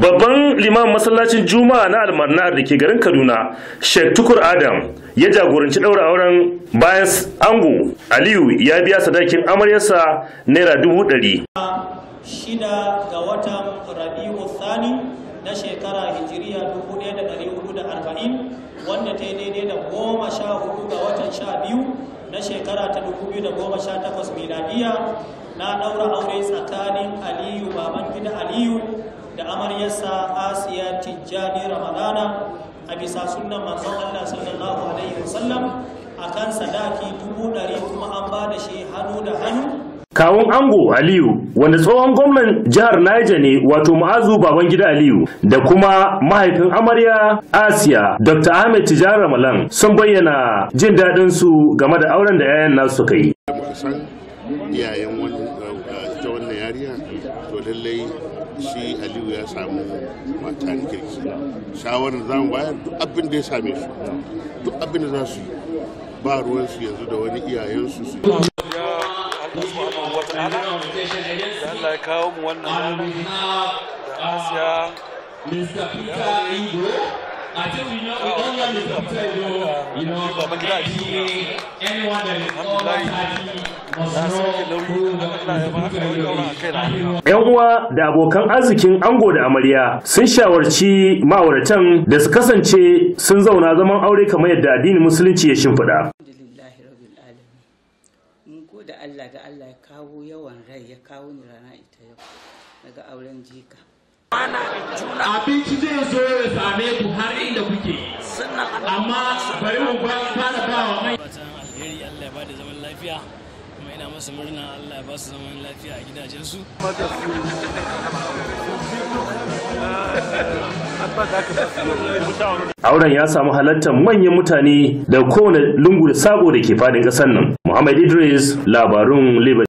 babban liman masallacin juma'a na almarnar da ke garin kaduna sheikh tukur adam ya jagoranci ɗaura auren bayan ango aliyu ya biya sadakin amaryarsa naira dubu ɗari shida ga watan rabi'u sani na shekara hijiriya 1440 wanda ta yi daidai da goma sha hudu ga watan sha biyu na shekara ta dubu biyu da goma sha takwas miladiya na daura aure tsakanin aliyu baban gida aliyu amaryarsa asiya tijjani ramadana a bisa sunan manzon allah sallallahu alaihi wasallam a sadaki dubu ɗari kuma an ba da shi hannu da hannu Kawun Ango Aliyu, wanda tsohon gwamnan jihar Niger ne wato ma'azu baban gida Aliyu da kuma mahaifin amarya Asiya Dr. Ahmed Tijjani Ramalan sun bayyana jin daɗinsu game da auren da 'ya'yan nasu suka yi. yariya to lallai shi aliyu ya samu mata na kirki shawarar za mu bayar duk abin da ya same su duk abin da za su yi ba ruwansu yanzu da wani iyayensu su yi. da Asiya Yan uwa da abokan arzikin ango da amarya sun shawarci ma'auratan da su kasance sun zauna zaman aure kamar yadda addinin musulunci ya shimfiɗa. Mun gode Allah da Allah ya kawo yawan rai ya kawo ni rana ita yau daga auren jika. Ana juna abinci amma bari mu fara ba wa mai alheri Allah ya bada zaman lafiya kuma ina masa murna Allah ya ba su zaman lafiya a gidajensu Auren ya samu halartar manyan mutane da kowane lungu da sako da ke fadin ƙasar nan. Muhammad Idris labarun Liberty.